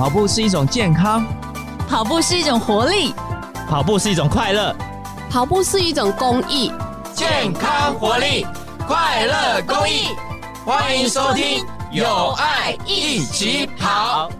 跑步是一種健康，跑步是一種活力，跑步是一種快樂，跑步是一種公益。健康、活力、快樂、公益，歡迎收聽有愛一起跑。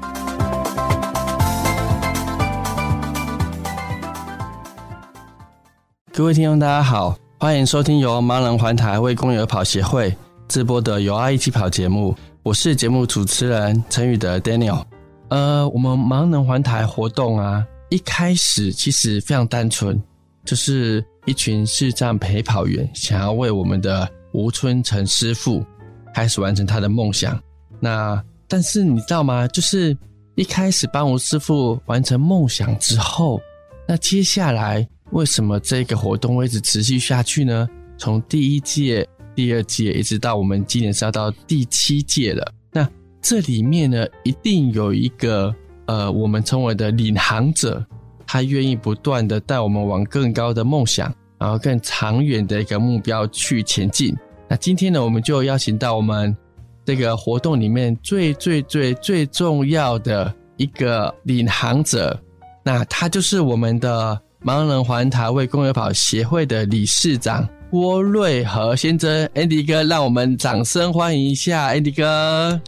各位聽眾，大家好，歡迎收聽由盲人環台為公益跑協會製播的有愛一起跑節目。我是節目主持人陳宇德 Daniel。呃，我們盲人環台活動啊，一開始其實非常單純，就是一群視障陪跑員想要為我們的吳春成師傅開始完成他的夢想。那但是你知道嗎？就是一開始幫吳師傅完成夢想之後，那接下來為什麼這個活動會一直持續下去呢？從第一屆、第二屆一直到我們今年是要到第七屆了。這裡面呢，一定有一個呃，我們稱為的領航者，他願意不斷的帶我們往更高的夢想，然後更長遠的一個目標去前進。那今天呢，我們就邀請到我們這個活動裡面最最最最重要的一個領航者，那他就是我們的盲人環台為公益跑協會的理事長郭瑞和先生 Andy 哥，讓我們掌聲歡迎一下 Andy 哥。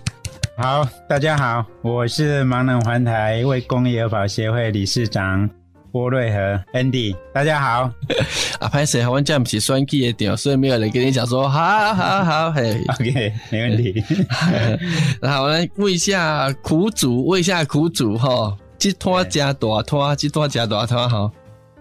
好，大家好，我是盲人環台為公益而跑協會理事長郭瑞和 Andy。大家好， 啊拍 a c e 這樣不 m e s 是雙擊的點，所以沒有人跟你講說 好，好，好，嘿，OK，沒問題。然 後 我來問一下苦主，問一下苦主哈，吉托家多托，吉托家多托哈。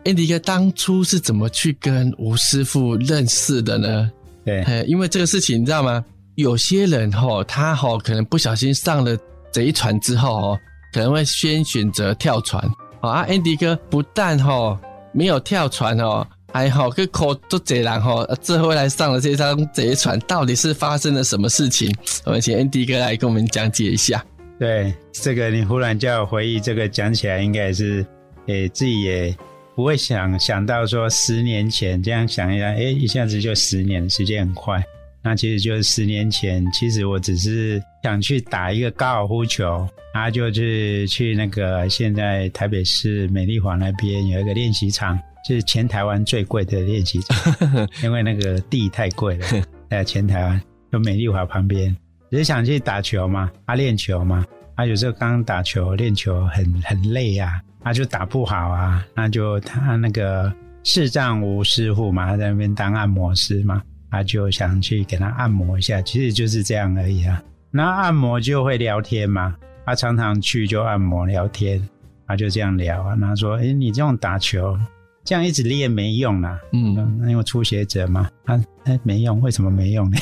Andy 對、喔欸、哥當初是怎麼去跟吳師傅認識的呢？對，因為這個事情你知道嗎？有些人哈、哦，他哈、哦、可能不小心上了賊船之後哦，可能會先選擇跳船，哦、啊。Andy 哥不但哈、哦、沒有跳船哦，還好個口都賊人哈、哦。這後來上了這張賊船，到底是發生了什麼事情？我們請 Andy 哥來跟我們講解一下。對，這個你忽然叫我回憶，這個講起來應該也是，誒，自己也不會想想到說十年前這樣想一下，誒，一下子就十年，時間很快。那其實就是十年前，其實我只是想去打一個高爾夫球，他就去去那個現在台北市美麗華那邊有一個練習場，就是全台灣最貴的練習場， 因為那個地太貴了， 在全台灣，就美麗華旁邊，只是想去打球嘛，他、啊、練球嘛，他、啊、有時候剛打球練球很很累呀、啊，他、啊、就打不好啊，那就他那個視障吳師傅嘛，他在那邊當按摩師嘛。他就想去給他按摩一下，其實就是這樣而已啊。那按摩就會聊天嘛，他常常去就按摩聊天，他就這樣聊啊。然後說，誒、欸、你這種打球，這樣一直練沒用啊。嗯，那因為初學者嘛，他哎、欸、沒用，為什麼沒用呢？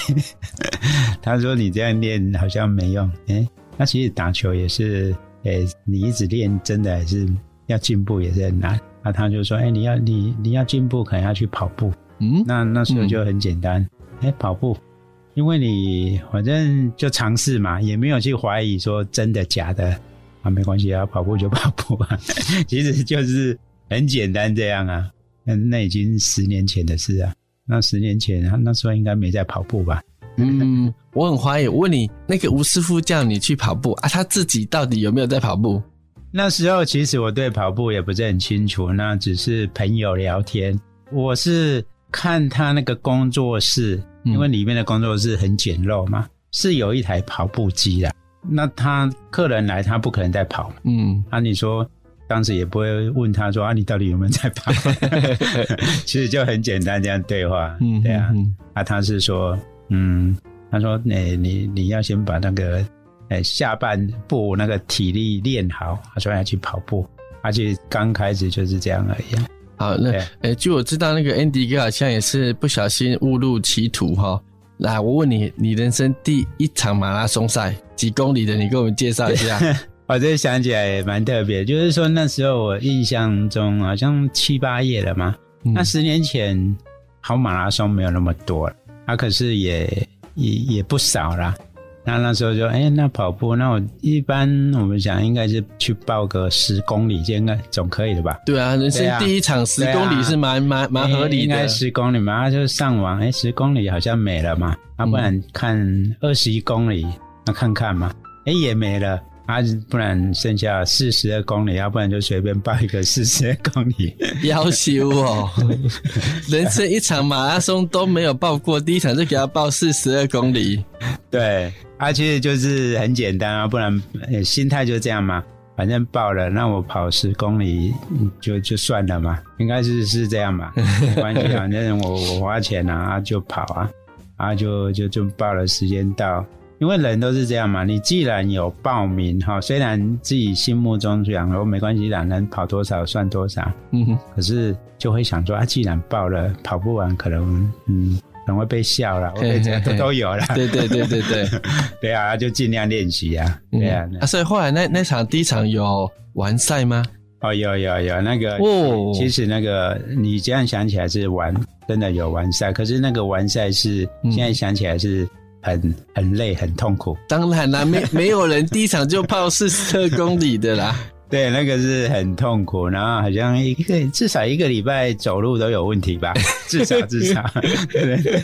他說你這樣練好像沒用。誒、欸、那其實打球也是，誒、欸、你一直練真的還是要進步也是很難。那他就說，誒、欸、你要你你要進步，可能要去跑步。嗯，那那時候就很簡單，哎、嗯欸，跑步，因為你反正就嘗試嘛，也沒有去懷疑說真的假的啊，沒關係啊，跑步就跑步吧， 其實就是很簡單這樣啊。那那已經是十年前的事啊，那十年前啊，那時候應該沒在跑步吧？ 嗯，我很懷疑，我問你，那個吳師傅叫你去跑步啊，他自己到底有沒有在跑步？那時候其實我對跑步也不是很清楚，那只是朋友聊天，我是。看他那個工作室，因為裡面的工作室很簡陋嘛，嗯、是有一台跑步機的。那他客人來，他不可能再跑嘛。嗯，啊，你說當時也不會問他說啊，你到底有沒有在跑？ 其實就很簡單這樣對話，嗯，對啊。嗯嗯啊，他是說，嗯，他說，那、欸、你你要先把那個、欸、下半部那個體力練好，他說要去跑步。而且剛開始就是這樣而已、啊。好，那 Okay. 誒，據我知道，那個 Andy 哥好像也是不小心誤入歧途哈、哦。來，我問你，你人生第一場馬拉松賽幾公里的？你給我們介紹一下。 我這想起來也蠻特別，就是說那時候我印象中好像七八頁了嘛。嗯、那十年前跑馬拉松沒有那麼多，啊，可是也也也不少啦。那那時候就哎、欸，那跑步那我一般我們想應該是去報個十公里，這應該總可以了吧？對啊，人生第一場十公里是蠻蠻蠻合理的，欸、應該十公里嘛。然後就上網哎，十、欸、公里好像沒了嘛，要、啊、不然看二十一公里那、嗯啊、看看嘛，哎、欸、也沒了。他、啊、不然剩下四十二公里，要不然就隨便報一個四十二公里，要求哦。 人生一場馬拉松都沒有報過， 第一場就給他報四十二公里。對，他、啊、其實就是很簡單啊，不然、欸、心態就這樣嘛。反正報了，那我跑十公里就就算了嘛，應該是是這樣嘛。反正、啊、 反正我我花錢然啊，啊，就跑啊，後、啊、就就就報了，時間到。因為人都是這樣嘛，你既然有報名哈，雖然自己心目中想說沒關係啦，能跑多少算多少，嗯哼，可是就會想說啊，既然報了，跑不完可能，嗯，可能會被笑了，對對，都有啦對對對對對， 對啊，就盡量練習啊，嗯、對啊，啊。所以後來那那場第一場有完賽嗎？哦，有有有那個，哦、其實那個你這樣想起來是完，真的有完賽，可是那個完賽是現在想起來是。嗯很很累，很痛苦。當然啦、啊，沒沒有人第一場就跑四十二公里的啦。 對，那個是很痛苦，然後好像一個至少一個禮拜走路都有問題吧，至少至少。 對，對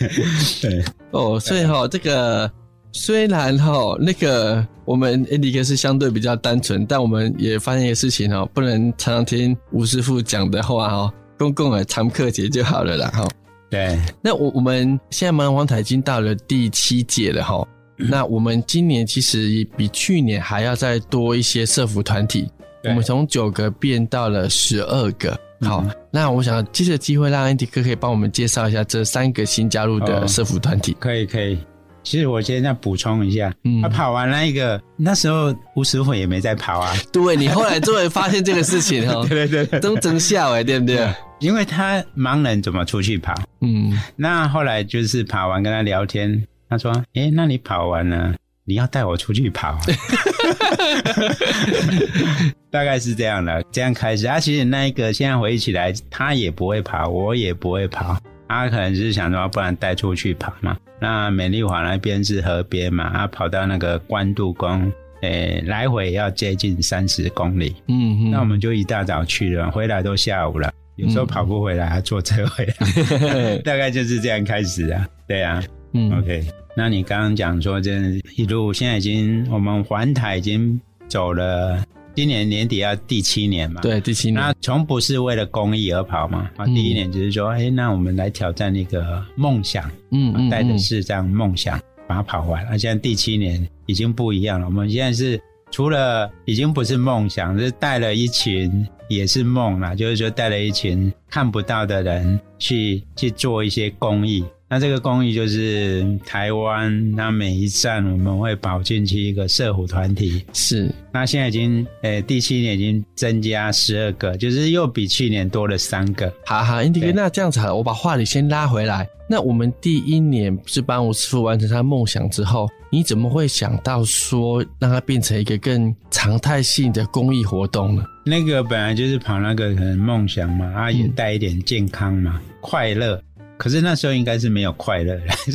對。哦，oh, 所以哈、哦，這個雖然哈、哦，那個我們 Andy 哥是相對比較單純，但我們也發現一個事情哦，不能常常聽吳師傅講的話哦，公共的常客氣就好了啦，哈。對，那我我們現在盲環台已經到了第七屆了哈。嗯、那我們今年其實也比去年還要再多一些社福團體，對我們從九個變到了十二個。好，嗯、那我想借着機會讓 Andy 哥可以幫我們介紹一下這三個新加入的社福團體。可以可以，其實我現在要補充一下，嗯，跑完那一個那時候吳師傅也沒在跑啊，對，你後來終於發現這個事情哈， 對，對，對對對，都真笑哎，對不對？嗯因為他盲人怎麼出去跑？嗯，那後來就是跑完跟他聊天，他說：“誒、欸、那你跑完了，你要帶我出去跑、啊。” 大概是這樣的，這樣開始。他、啊、其實那一個現在回憶起來，他也不會跑，我也不會跑。他、啊、可能只是想說，不然帶出去跑嘛。那美麗華那邊是河邊嘛，他、啊、跑到那個關渡宮，誒、欸、來回要接近三十公里。嗯哼，那我們就一大早去了，回來都下午了。有時候跑不回來還坐車回來，嗯、 大概就是這樣開始啊。對啊，嗯，OK。那你剛剛講說，這一路現在已經我們環台已經走了，今年年底要第七年嘛？對，第七年。那從不是為了公益而跑嘛？啊、第一年只是說，哎、嗯欸，那我們來挑戰那個夢想嗯，嗯，帶着是這樣夢想把它跑完。而、啊、現在第七年已經不一樣了，我們現在是除了已經不是夢想，就是帶了一群，也是夢啦，就是說帶了一群看不到的人去去做一些公益。那這個公益就是台灣，那每一站我們會跑進去一個社福團體。是，那現在已經，誒、欸，第七年已經增加十二個，就是又比去年多了三個。好好 Andy 哥，對那這樣子好，我把話題先拉回來。那我們第一年是幫吳師傅完成他夢想之後，你怎麼會想到說讓他變成一個更常態性的公益活動呢？那個本來就是跑那個可能夢想嘛，啊，也帶一點健康嘛，嗯、快樂。可是那時候應該是沒有快樂，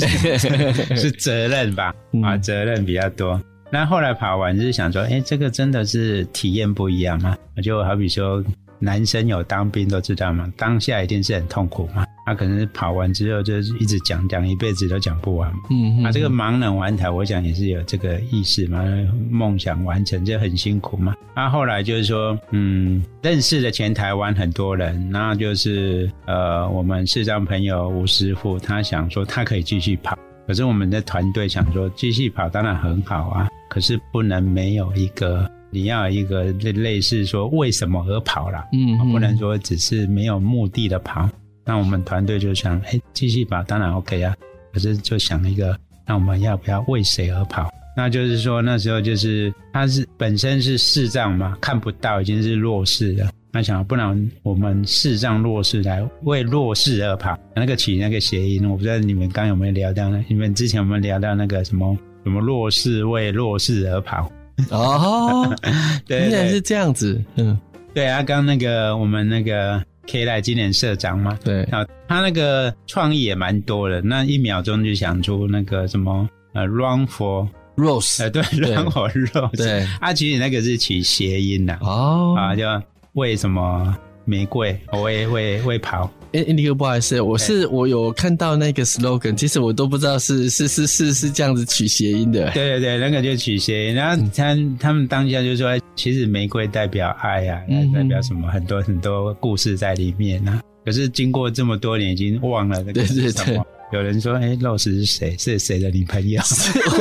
是責任吧？ 啊，責任比較多。嗯、那後來跑完就是想說，哎、欸，這個真的是體驗不一樣嗎？就好比說，男生有當兵都知道嘛，當下一定是很痛苦嘛。他、啊、可能是跑完之後就一直講講一輩子都講不完嗯。嗯，啊，這個盲人環台，我想也是有這個意思嘛，夢想完成就很辛苦嘛。他、啊、後來就是說，嗯，認識了前台灣很多人，然後就是呃，我們視障朋友吳師傅，他想說他可以繼續跑，可是我們的團隊想說繼續跑當然很好啊，可是不能沒有一個，你要一個類似說為什麼而跑了、嗯，嗯，不能說只是沒有目的的跑。那我們團隊就想，哎，繼續吧，當然 OK 啊。可是就想一個，那我們要不要為誰而跑？那就是說，那時候就是他是本身是視障嘛，看不到，已經是弱勢了。那想，不然我們視障弱勢來為弱勢而跑，那個取那個諧音，我不知道你們剛，剛有沒有聊到呢？你們之前有沒有聊到那個什麼什麼弱勢為弱勢而跑。哦，原 對是這樣子。嗯，對啊，剛那個我們那個。可以來今年社長嗎？對啊，他那個創意也蠻多的，那一秒鐘就想出那個什麼呃，run for rose 呃，對，run for rose，對，啊，其實你那個是取諧音的、啊，哦、oh、啊，就為什麼玫瑰，我也會會，會跑。哎，尼克，欸，不好意思，我是我有看到那個 slogan，對其實我都不知道是是是是是這樣子取諧音的。對對對，那個就取諧音。然後你看，嗯、他們當下就說，其實玫瑰代表愛呀，啊，代表什麼很多很多故事在裡面呢，啊。嗯、哼可是經過這麼多年，已經忘了那個是什麼。對對對，有人說，哎，欸，Rose 是誰？是誰的女朋友？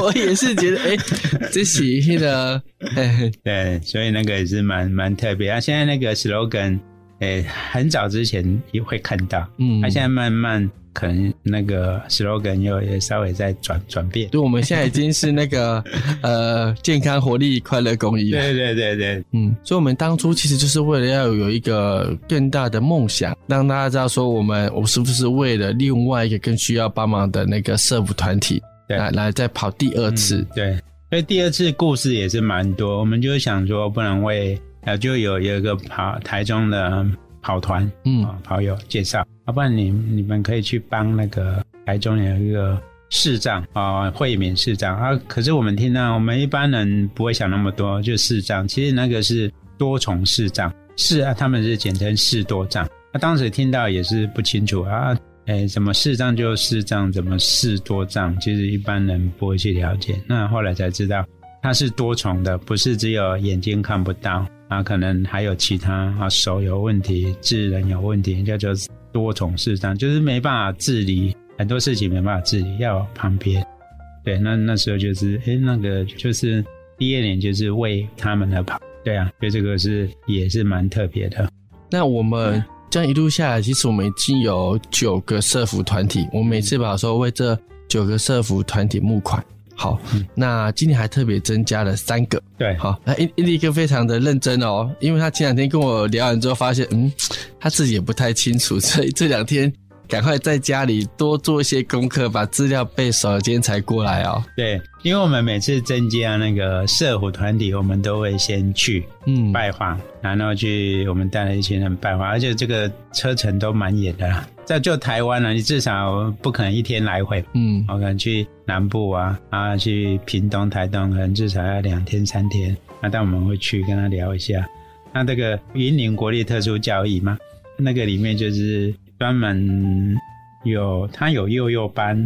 我也是覺得，哎，這諧音的，欸，對，所以那個也是蠻蠻特別啊。現在那個 slogan。誒、欸，很早之前也會看到，嗯，他，啊、現在慢慢可能那個 slogan 又也稍微在轉轉變。對，我們現在已經是那個 呃，健康、活力、快樂公益了。對對對對，嗯，所以我們當初其實就是為了要有一個更大的夢想，讓大家知道說我們我們是不是為了另外一個更需要幫忙的那個社服團體對來來再跑第二次、嗯。對，所以第二次故事也是蠻多，我們就想說不能為。啊，就有有一個跑台中的跑團，嗯、啊，跑友介紹，要、嗯啊、不然你你們可以去幫那個台中有一個視障啊，惠明視障啊。可是我們聽到，我們一般人不會想那麼多，就市視障，其實那個是多重視障，是啊，他們是簡稱視多障。他、啊、當時聽到也是不清楚啊，哎，什麼視障就視障，什麼視多障，其實一般人不會去了解。那後來才知道，它是多重的，不是只有眼睛看不到。啊，可能還有其他啊，手有問題，智能有問題，人家就是多重視障，就是沒辦法自理很多事情，沒辦法自理，要旁邊。對，那那時候就是，哎、欸，那個就是第二年就是為他們而跑，對啊，所以這個是也是蠻特別的。那我們這樣一路下來，其實我們已經有九個社福團體，我們每次跑的時候為這九個社福團體募款。好，那今天還特別增加了三個。對，好，那 Andy 哥非常的認真哦，因為他前兩天跟我聊完之後，發現，嗯，他自己也不太清楚，所以這兩天。趕快在家裡多做一些功課，把資料背熟。今天才過來哦。對，因為我們每次增加那個社福團體，我們都會先去嗯拜訪，然後去我們帶了一群人拜訪，而且這個車程都蠻遠的啦。在就台灣呢，啊，你至少不可能一天來回。嗯，我可能去南部啊啊，去屏東、台東，可能至少要兩天三天。那、啊、但我們會去跟他聊一下。那這個雲林國立特殊教育嘛，那個裡面就是。專門有，他有幼幼班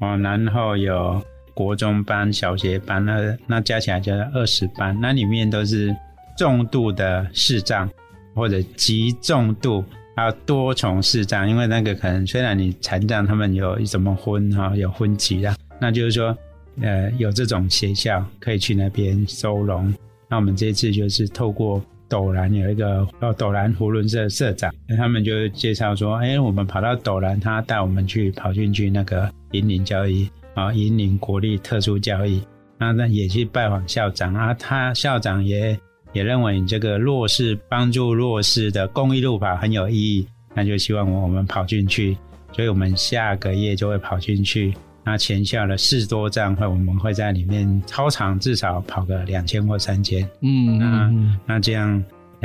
哦，然後有國中班、小學班，那那加起來就是二十班，那裡面都是重度的視障或者極重度，還有多重視障，因為那個可能雖然你殘障，他們有什麼婚哈，有婚期啊，那就是說，呃，有這種學校可以去那邊收容，那我們這一次就是透過。斗南有一個叫斗南胡倫社社長，他們就介紹說：“哎，我們跑到斗南，他帶我們去跑進去那個引領教育啊，引領國立特殊教育。那那也去拜訪校長啊，他校長也也認為你這個弱勢幫助弱勢的公益路跑很有意義，那就希望我們跑進去。所以我們下個月就會跑進去。”他前下了四多站，或，我們會在裡面操場至少跑個兩千或三千。嗯，那那這樣，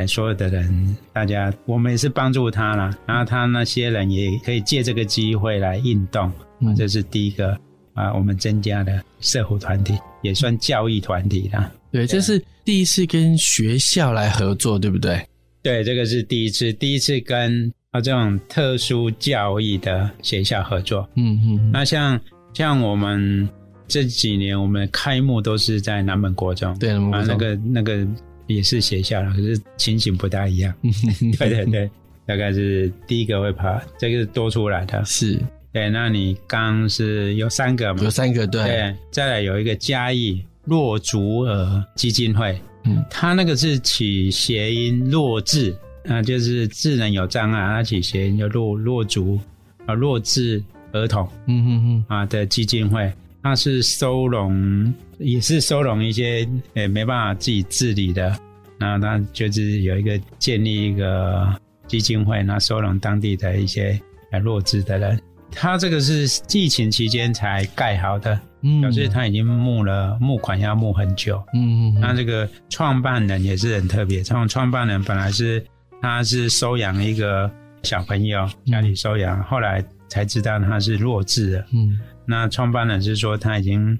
所有的人，大家，我們也是幫助他了，然後他那些人也可以借這個機會來運動。嗯，這是第一個啊，我們增加的社會團體也算教育團體了。對，對這是第一次跟學校來合作，對不對？對，這個是第一次，第一次跟啊這種特殊教育的學校合作。嗯嗯，嗯那像。像我們這幾年，我們開幕都是在南門國中，對，南門國中、啊，那個那個也是學校，可是情形不大一樣。 對對對，大概是第一個會爬，這個是多出來的，是。對，那你剛是有三個嘛？有三個，對，對。再來有一個嘉義弱足兒基金會，嗯，他那個是起諧音“弱智”，那就是智能有障礙，他起諧音叫“弱弱足”啊，“弱智”。兒童，嗯嗯嗯，啊的基金會，他是收容，也是收容一些也、欸、沒辦法自己自理的，那他就是有一個建立一個基金會，那收容當地的一些弱智的人。他這個是疫情期間才蓋好的，嗯、表示他已經募了募款，要募很久。嗯嗯，那這個創辦人也是很特別，這種創辦人本來是他是收養一個。小朋友家裡收養，嗯、後來才知道他是弱智的。嗯，那創辦人是說他已經，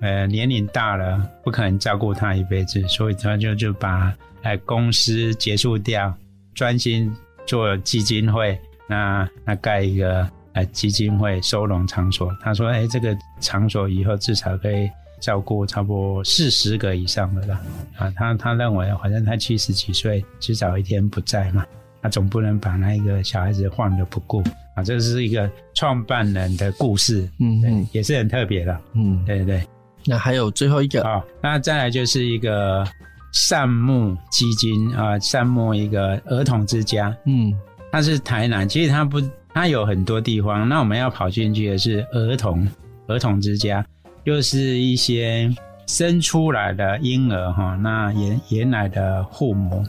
呃，年齡大了，不可能照顧他一輩子，所以他就就把哎、呃、公司結束掉，專心做基金會。那那蓋、呃、一個哎、呃、基金會收容場所，他說：“哎、欸，這個場所以後至少可以照顧差不多四十個以上的了。”啊，他他認為好像他七十幾歲，至少一天不在嘛。他、啊、總不能把那一個小孩子放着不顧啊！這是一個創辦人的故事，嗯，嗯也是很特別的，嗯，對，對對。那還有最後一個啊、哦，那再來就是一個善牧基金啊，善牧一個兒童之家，嗯，它是台南，其實它不，它有很多地方。那我們要跑進去的是兒童兒童之家，又、就是一些生出來的嬰兒哈、哦，那原原來的父母。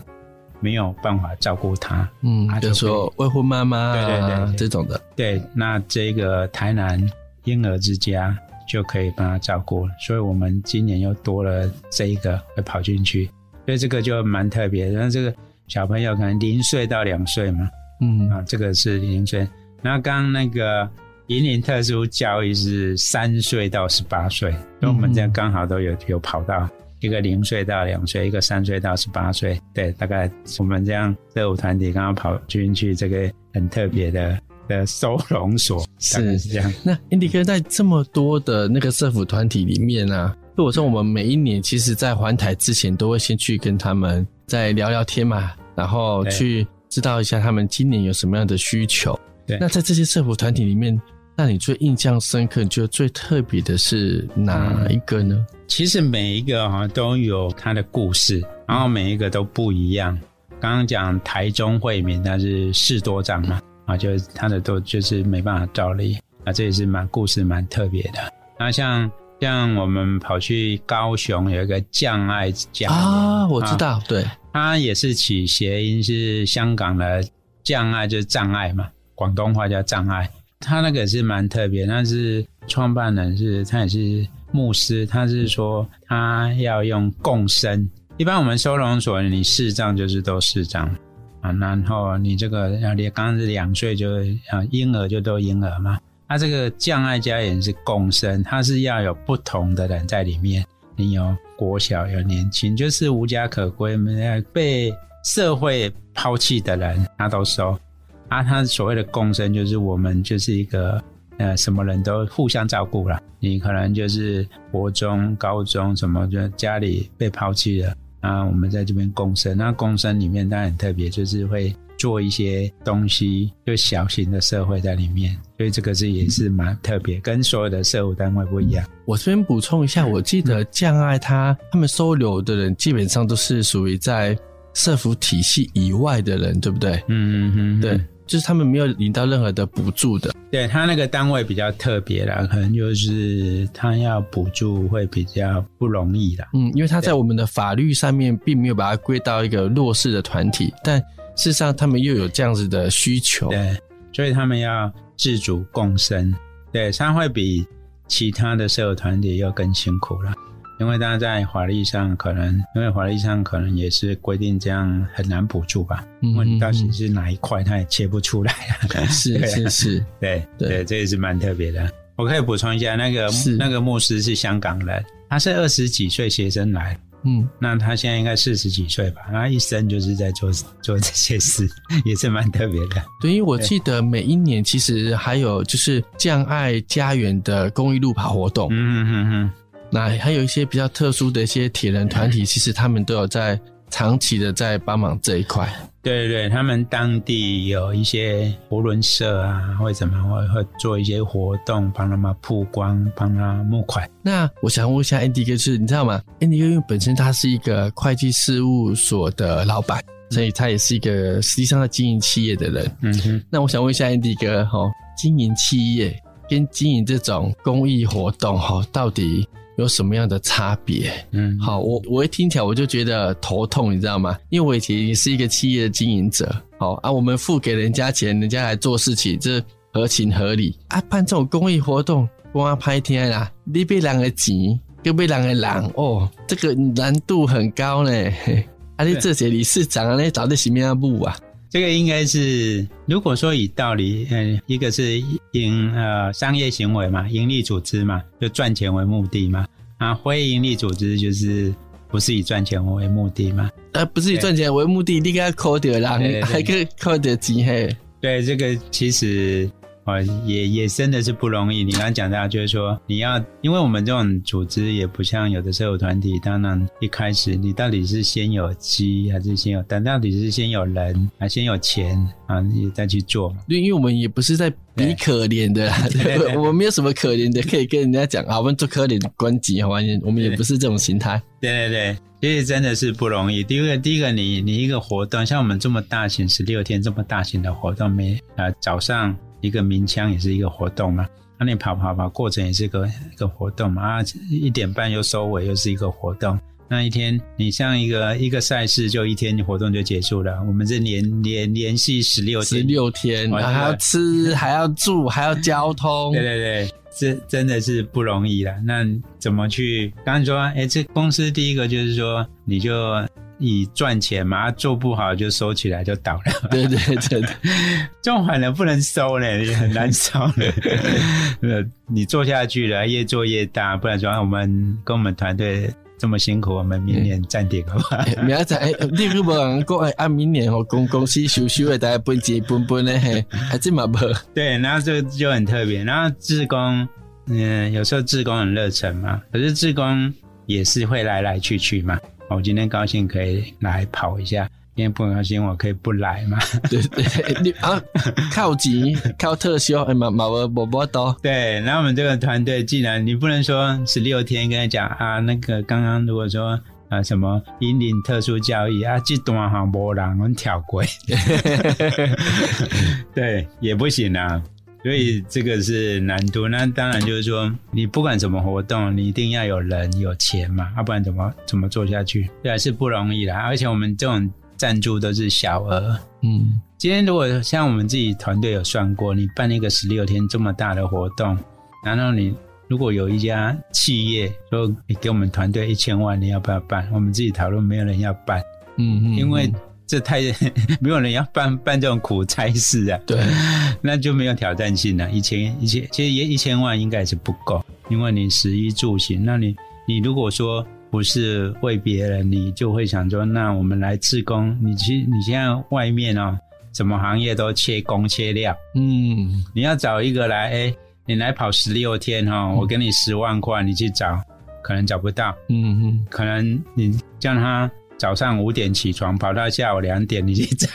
沒有辦法照顧他，嗯，說他就說未婚媽媽啊，對對對對這種的，對，那這個台南嬰兒之家就可以幫他照顧，所以我們今年又多了這一個會跑進去，所以這個就蠻特別。那這個小朋友可能零歲到兩歲嘛，嗯啊，這個是零歲，然後剛剛那個引領特殊教育是三歲到十八歲，那我們這樣剛好都有、嗯、有跑到。一個零歲到兩歲，一個三歲到十八歲，對，大概我們這樣社福團體剛剛跑進去這個很特別的、嗯、的收容所，是是這樣。那 a n d 哥在這麼多的那個社福團體裡面呢、啊，如果說我們每一年其實，在還台之前都會先去跟他們再聊聊天嘛，然後去知道一下他們今年有什麼樣的需求。對對，那在這些社福團體裡面。那你最印象深刻，你覺得最特別的是哪一個呢？嗯、其實每一個好、啊、像都有它的故事，然後每一個都不一樣。剛剛講台中惠民，但是士多張嘛，嗯、啊，就是他的都就是沒辦法照例啊，這也是蠻故事蠻特別的。那像像我們跑去高雄，有一個降愛降啊，我知道，啊、對他也是起諧音，是香港的降愛就是障礙嘛，廣東話叫障礙。他那個是蠻特別，但是創辦人是他也是牧師，他是說他要用共生。一般我們收容所，你視障就是都視障啊，然後你這個你剛是兩歲就啊嬰兒就都嬰兒嘛。他、啊、這個將愛家也是共生，他是要有不同的人在裡面，你有國小有年輕，就是無家可歸、被社會拋棄的人，他都收。啊，他所謂的共生就是我們就是一個，呃，什麼人都互相照顧了。你可能就是國中、高中什麼就家裡被拋棄了啊。我們在這邊共生。那共生裡面當然很特別，就是會做一些東西，就小型的社會在裡面。所以這個是也是蠻特別，嗯、跟所有的社會單位不一樣。我這邊補充一下，我記得將愛他、嗯、他們收留的人，基本上都是屬於在社福體系以外的人，對不對？嗯嗯嗯，嗯嗯對。就是他們沒有領到任何的補助的，對，他那個單位比較特別啦，可能就是他要補助會比較不容易啦。嗯，因為他在我們的法律上面並沒有把它歸到一個弱勢的團體，但事實上他們又有這樣子的需求，對，所以他們要自主共生，對，他會比其他的社會團體要更辛苦啦。因為他在法律上可能，因為法律上可能也是規定這樣很難補助吧？嗯，嗯，嗯，問到底是哪一塊，他也切不出來、啊。 是對、啊、是是，對對，對，這個、也是蠻特別的。我可以補充一下，那個是那個牧師是香港人，他是二十幾歲學生來，嗯，那他現在應該四十幾歲吧？他一生就是在做做這些事， 也是蠻特別的。對，對因為我記得每一年其實還有就是“降愛家園”的公益路跑活動。嗯嗯嗯。那還有一些比較特殊的一些鐵人團體，嗯、其實他們都有在長期的在幫忙這一塊。對對，他們當地有一些活輪社啊，或者什麼會會做一些活動，幫他們曝光，幫他們募款。那我想問一下 Andy 哥、就是，是你知道嗎？Andy 哥因為本身他是一個會計事務所的老板，所以他也是一個實際上在經營企業的人。嗯哼。那我想問一下 Andy 哥，哈、哦，經營企業跟經營這種公益活動，哈、哦，到底？有什麼樣的差別？嗯，好，我我一聽起來我就覺得頭痛，你知道嗎？因為我以前是一個企業的經營者，好啊，我們付給人家錢，人家來做事情，這、就是、合情合理啊。辦這種公益活動，光拍天啊。你被人家擠，又被兩個攔哦，這個難度很高呢。嗯、啊，你這些理事長啊，對麼你到底什麼樣的部啊？這個應該是，如果說以道理，嗯、呃，一個是營呃商業行為嘛，營利組織嘛，就賺錢為目的嘛。啊，非營利組織就是不是以賺錢為目的嘛？呃不是以賺錢為目的，對你給它扣掉啦，對對對還可以扣掉錢嘿對，這個其實。啊、哦，也也真的是不容易。你剛，剛講到，就是說你要，因為我們這種組織也不像有的社會團體。當然一開始，你到底是先有雞還是先有蛋？但到底是先有人還是先有錢啊？你再去做。對，因為我們也不是在比可憐的，我沒有什麼可憐的可以跟人家講。 好，我們做可憐的關機。好，我們我們也不是這種形態。對，對對對，所以真的是不容易。第一個，第一個你，你你一個活動，像我們這麼大型，十六天這麼大型的活動，沒啊早上。一個鳴槍也是一個活動嘛，那、啊、你跑跑跑過程也是一個一個活動嘛啊，一點半又收尾又是一個活動，那一天你像一個一個賽事就一天的活動就結束了，我們這連連連續十六十六天，天啊、還要吃還要住還要交通，對對對，這真的是不容易了。那怎麼去？剛才說，哎，這公司第一個就是說，你就。以賺錢嘛、啊，做不好就收起來就倒了。對對對對，這種反正不能收嘞，很難收嘞。呃， 你做下去了，越做越大，不然說我們跟我們團隊這麼辛苦，我們明年暫停好不好？嗯嗯、明仔、欸，你如果能夠啊，明年我、喔、公公司小小的，的，大家奔錢奔奔嘞，還這麼破。對，然後這個就很特別。然後志工，嗯，有時候志工很熱忱嘛，可是志工也是會來來去去嘛。我、哦，今天高興可以來跑一下，今天不高興我可以不來嘛。對，對對， 你啊，靠急靠特效哎，馬毛兒伯伯多。對，那我們這個團隊，既然你不能說十六天跟他講啊，那個剛剛如果說啊什麼引領特殊教育啊，這段哈沒人能跳過。 對，也不行啊。所以這個是難度，那當然就是說，你不管怎麼活動，你一定要有人有錢嘛，要、啊、不然怎麼怎麼做下去？對，還是不容易啦。而且我們這種贊助都是小額，嗯。今天如果像我們自己團隊有算過，你辦一個十六天這麼大的活動，然後你如果有一家企業說你給我們團隊一千萬，你要不要辦？我們自己討論，沒有人要辦，嗯，嗯，因為這太 沒有人要辦辦這種苦差事啊，對。那就沒有挑戰性了。一千一千其實也一千萬應該是不夠，因為你食衣住行。那你你如果說不是為別人，你就會想說：那我們來自工。你去你現在外面哦、喔，什麼行業都切工切料。嗯，你要找一個來，誒、欸、你來跑十六天哈、喔，我給你十萬塊，你去找，可能找不到。嗯嗯哼，可能你叫他早上五點起床，跑到下午兩點，你去找，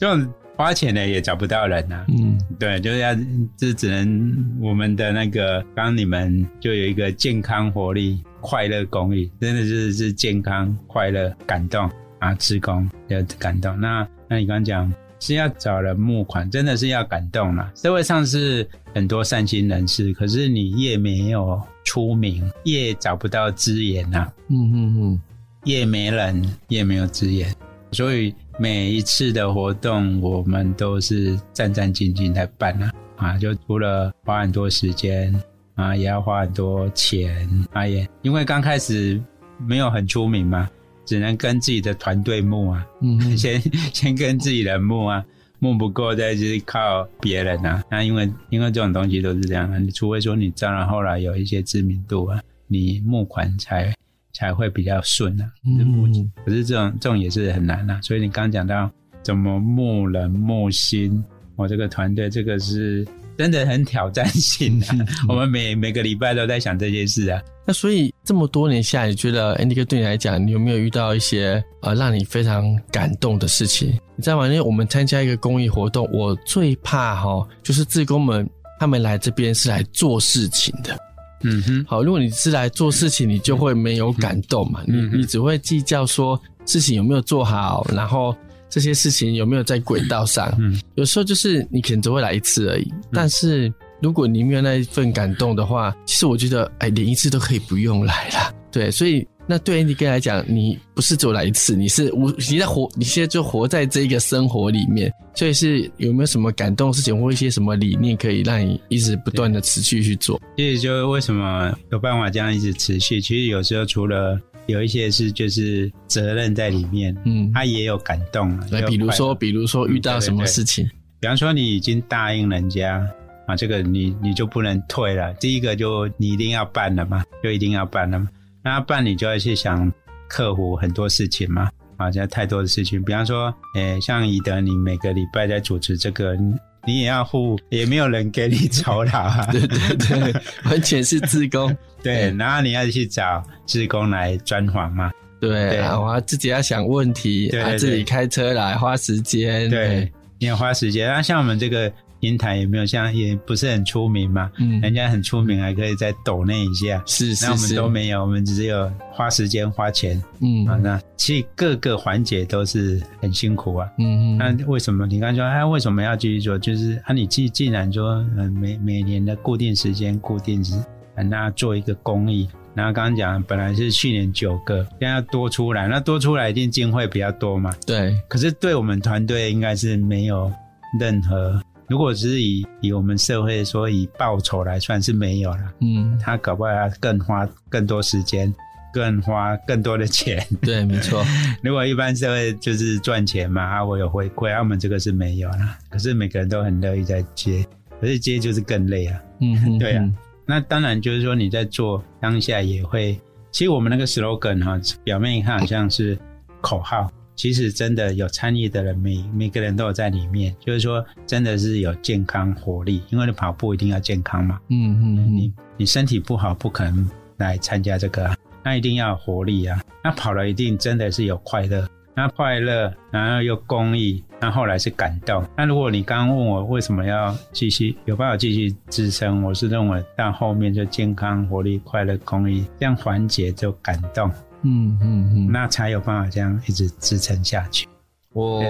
這種。 花錢呢也找不到人吶，啊，嗯，對，就是要這只能我們的那個，剛你們就有一個健康活力快樂公益，真的，就是是健康快樂感動啊，志工要感動。那那你剛剛講是要找人募款，真的是要感動了，啊。社會上是很多善心人士，可是你越沒有出名，越找不到資源吶，啊，嗯嗯嗯，越沒人，越沒有資源。所以每一次的活動，我們都是戰戰兢兢在辦啊，啊，就除了花很多時間啊，也要花很多錢啊，也因為剛開始沒有很出名嘛，只能跟自己的團隊募啊，嗯，先先跟自己人募啊，募不夠再去靠別人啊，啊，那因為因為這種東西都是這樣的，啊，除非說你賬然後來有一些知名度啊，你募款才。才會比較順啊，嗯，可是這種這種也是很難啊。所以你剛講到怎麼募人募心，我這個團隊這個是真的很挑戰性的、啊。嗯、我們每每個禮拜都在想這件事啊。那所以這麼多年下來，你覺得 Andy 哥對你來講，你有沒有遇到一些呃讓你非常感動的事情？你知道嗎？因為我們參加一個公益活動，我最怕哈，就是志工們他們來這邊是來做事情的。嗯哼，好，如果你是來做事情，你就會沒有感動嘛，嗯、哼你你只會計較說事情有沒有做好，然後這些事情有沒有在軌道上。嗯哼，有時候就是你可能只會來一次而已，但是如果你沒有那一份感動的話，嗯、哼其實我覺得，哎，連一次都可以不用來了。對，所以。那對於 Andy 哥來講，你不是只有來一次，你是無你現在活，你現在就活在這個生活裡面，所以是有沒有什麼感動的事情，或一些什麼理念，可以讓你一直不斷的持續去做？其實就為什麼有辦法這樣一直持續？其實有時候除了有一些是就是責任在裡面，嗯，嗯他也有感動。那對比如說，比如說遇到什麼事情，對對對對比方說你已經答應人家啊，這個你你就不能退了。第一個就你一定要辦了嘛，就一定要辦了嘛。那辦理就要去想克服很多事情嘛，好、啊、像太多的事情，比方說，誒、欸，像以德，你每個禮拜在主持這個，你，你也要付，也沒有人給你酬勞、啊， 對，對對對， 完全是志工，對，欸、然後你要去找志工來專訪嘛，對，對、啊，我自己要想問題，自己、啊、開車來花時間，對，對對你要花時間， 那像我們這個。煙台有沒有像也不是很出名嘛，嗯，人家很出名，嗯、還可以再抖內一下。是是是。那我們都沒有，我們只是有花時間花錢。嗯，啊，那其實各個環節都是很辛苦啊。嗯嗯，哼。那為什麼你剛剛說他？啊、為什麼要繼續做？就是啊，你既既然說、嗯、每每年的固定時間固定時、啊，那要做一個公益。然後剛剛講本來是去年九個，現在要多出來，那多出來一定經費比較多嘛。對。可是對我們團隊應該是沒有任何。如果只是以以我們社會說，以報酬來算，是沒有了。嗯，他搞不好要更花更多時間，更花更多的錢。對，沒錯。如果一般社會就是賺錢嘛，啊，我有回饋，啊，我們這個是沒有啦。可是每個人都很樂意在接，可是接就是更累啊。嗯哼哼，對啊。那當然就是說你在做，當下也會，其實我們那個 slogan 哈，哦，表面一看好像是口號。其實真的有參與的人，每每個人都有在裡面。就是說，真的是有健康活力，因為你跑步一定要健康嘛。嗯,嗯嗯，你你身體不好不可能來參加這個啊，那一定要有活力啊。那跑了一定真的是有快樂，那快樂然後又公益，那後來是感動。那如果你剛剛問我為什麼要繼續，有辦法繼續支撐，我是認為到後面就健康活力快樂公益這樣環節就感動。嗯嗯嗯，嗯嗯，那才有辦法這樣一直支撐下去。哦，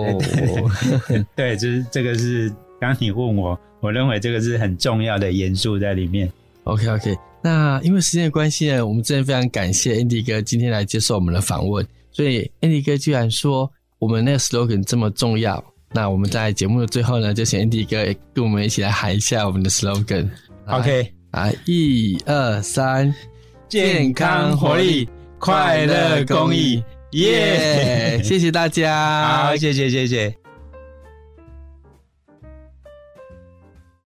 對，就是這個是剛你問我，我認為這個是很重要的元素在裡面。OK OK，那因為時間的關係呢，我們真的非常感謝 Andy 哥今天來接受我們的訪問。所以 Andy 哥居然說我們那個 slogan 這麼重要，那我們在節目的最後呢，就請 Andy 哥也跟我們一起來喊一下我們的 slogan。來 OK，來一二三，健康活力，快樂公益，耶！ 謝謝大家，好，謝謝，謝謝。